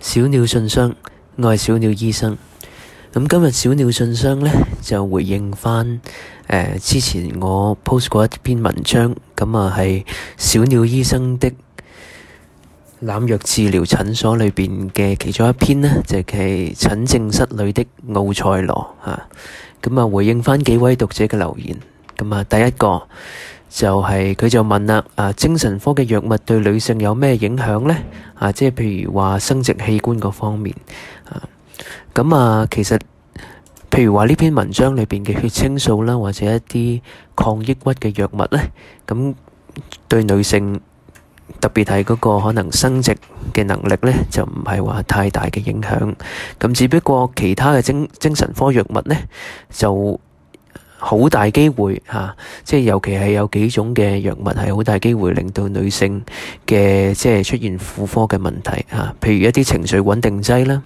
小鳥信箱，我係小鳥醫生。咁今日小鳥信箱呢，就回應翻誒、呃，之前我 post 過一篇文章，咁啊係小鳥醫生的濫藥治療診所裏邊嘅其中一篇呢就係、是、診症室裏的奧塞羅吓。咁啊，回應翻幾位讀者嘅留言。咁啊，第一個。就係佢就問啦，啊，精神科嘅藥物對女性有咩影響咧？啊，即係譬如話生殖器官嗰方面啊，咁啊，其實譬如話呢篇文章裏邊嘅血清素啦，或者一啲抗抑鬱嘅藥物咧，咁對女性特別係嗰個可能生殖嘅能力咧，就唔係話太大嘅影響。咁只不過其他嘅精精神科藥物咧，就好大機會嚇，即係尤其係有幾種嘅藥物係好大機會令到女性嘅即係出現婦科嘅問題嚇，譬如一啲情緒穩定劑啦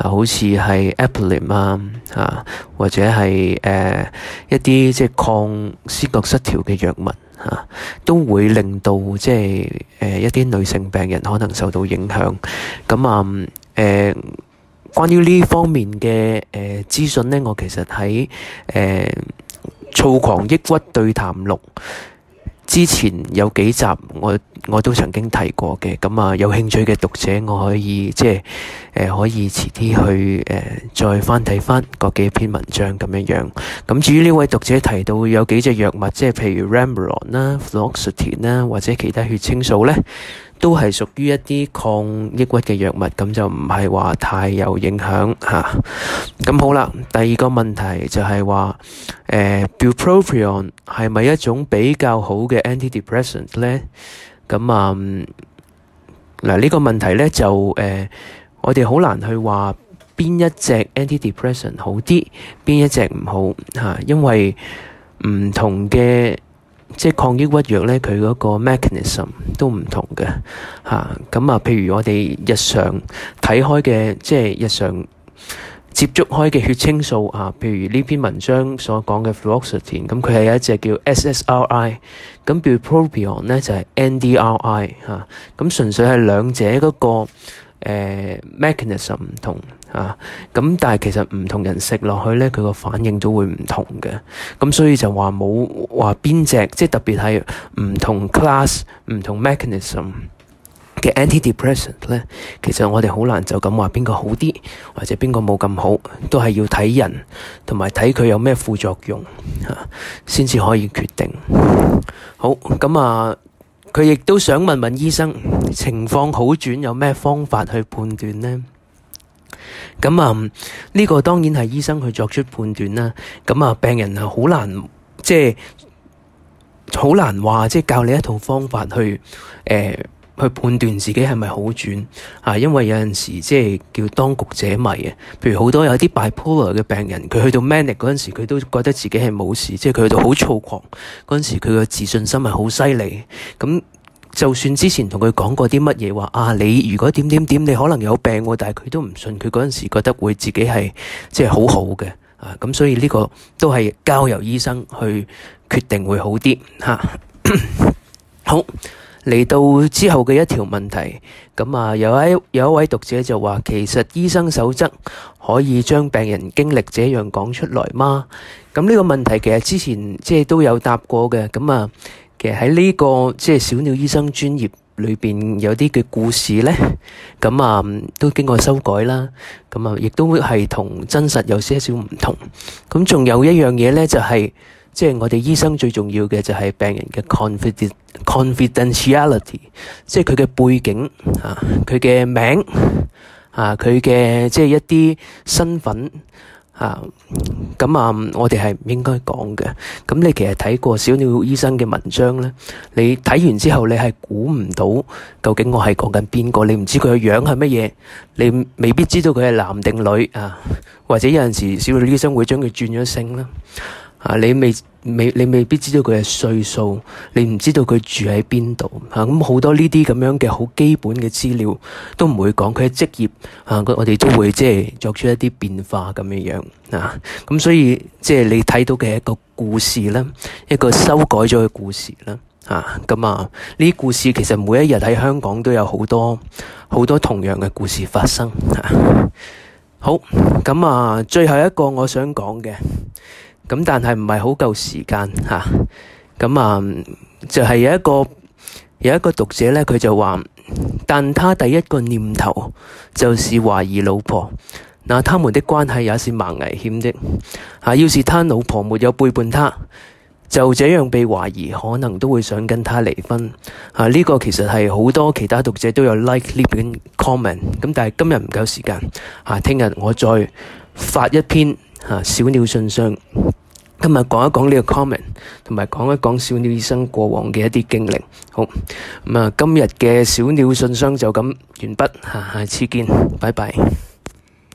嚇，好似係 Epilim 啊嚇，或者係誒、呃、一啲即係抗思覺失調嘅藥物嚇、啊，都會令到即係誒、呃、一啲女性病人可能受到影響。咁啊誒，關於呢方面嘅誒、呃、資訊咧，我其實喺誒。呃躁狂、抑鬱對談錄，之前有幾集我我都曾經提過嘅，咁啊有興趣嘅讀者，我可以即係誒、呃、可以遲啲去誒、呃、再翻睇翻嗰幾篇文章咁樣樣。咁至於呢位讀者提到有幾隻藥物，即係譬如 Ramipril 啦、Fluoxetine 啦或者其他血清素咧。都係屬於一啲抗抑鬱嘅藥物，咁就唔係話太有影響嚇。咁、啊、好啦，第二個問題就係話，誒、呃、Bupropion 係咪一種比較好嘅 antidepressant 咧？咁、嗯、啊，嗱、這、呢個問題咧就誒、呃，我哋好難去話邊一隻 antidepressant 好啲，邊一隻唔好嚇、啊，因為唔同嘅。即係抗抑鬱藥咧，佢嗰個 mechanism 都唔同嘅嚇。咁啊，譬如我哋日常睇開嘅，即係日常接觸開嘅血清素啊，譬如呢篇文章所講嘅 fluoxetine，咁佢係有一隻叫 SSRI、啊。咁 bupropion 咧就係、是、NDRI 嚇、啊。咁、啊、純粹係兩者嗰、那個。誒、呃、mechanism 唔同啊，咁但係其實唔同人食落去咧，佢個反應都會唔同嘅，咁、啊、所以就話冇話邊隻，即係特別係唔同 class、唔同 mechanism 嘅 antidepressant，咧、啊，其實我哋好難就咁話邊個好啲，或者邊個冇咁好，都係要睇人同埋睇佢有咩副作用吓，先、啊、至可以決定。好，咁啊。佢亦都想問問醫生情況好轉有咩方法去判斷呢？咁、嗯、啊，呢、呢個當然係醫生去作出判斷啦。咁、嗯、啊，病人係好難，即係好難話，即係教你一套方法去誒。呃去判斷自己係咪好轉啊？因為有陣時即係叫當局者迷啊。譬如好多有啲 bipolar 嘅病人，佢去到 manic 嗰陣時，佢都覺得自己係冇事，即係佢去到好躁狂嗰陣時，佢嘅自信心係好犀利。咁就算之前同佢講過啲乜嘢話啊，你如果點點點，你可能有病，但係佢都唔信。佢嗰陣時覺得會自己係即係好好嘅啊。咁所以呢個都係交由醫生去決定會好啲嚇、啊。 好。嚟到之後嘅一條問題，咁啊有一有一位讀者就話，其實醫生守則可以將病人經歷這樣講出來嗎？咁呢個問題其實之前即係都有答過嘅，咁啊其實喺呢個即係小鳥醫生專業裏邊有啲嘅故事咧，咁啊都經過修改啦，咁啊亦都係同真實有些少唔同，咁仲有一樣嘢咧就係。即係我哋醫生最重要嘅就係病人嘅 confidentiality，即係佢嘅背景啊，佢嘅名啊，佢嘅即係一啲身份啊，咁啊，我哋係唔應該講嘅。咁、嗯、你其實睇過小鳥醫生嘅文章咧，你睇完之後你係估唔到究竟我係講緊邊個，你唔知佢嘅樣係乜嘢，你未必知道佢係男定女啊，或者有陣時小鳥醫生會將佢轉咗性啦。啊啊！你未未你未必知道佢嘅歲數，你唔知道佢住喺邊度啊。咁好多呢啲咁樣嘅好基本嘅資料都唔會講佢嘅職業啊，我哋都會即係作出一啲變化咁樣樣啊。咁所以即係你睇到嘅一個故事啦，一個修改咗嘅故事啦啊。咁啊，呢啲故事其實每一日喺香港都有好多好多同樣嘅故事發生啊。好咁啊，最後一個我想講嘅。咁但係唔係好夠時間嚇，咁啊，啊就係、是、有一個有一個讀者咧，佢就話，但他第一個念頭就是懷疑老婆，那、啊、他們的關係也是蠻危險的嚇、啊。要是他老婆沒有背叛他，就這樣被懷疑，可能都會想跟他離婚嚇。呢、啊這個其實係好多其他讀者都有 like 呢篇 comment，咁、啊、但係今日唔夠時間嚇，聽、啊、日我再發一篇嚇、啊、小鳥信箱。今日講一講呢個 comment，同埋講一講小鳥醫生過往嘅一啲經歷。好，咁啊，今日嘅小鳥信箱就咁完畢，下下次見，拜拜。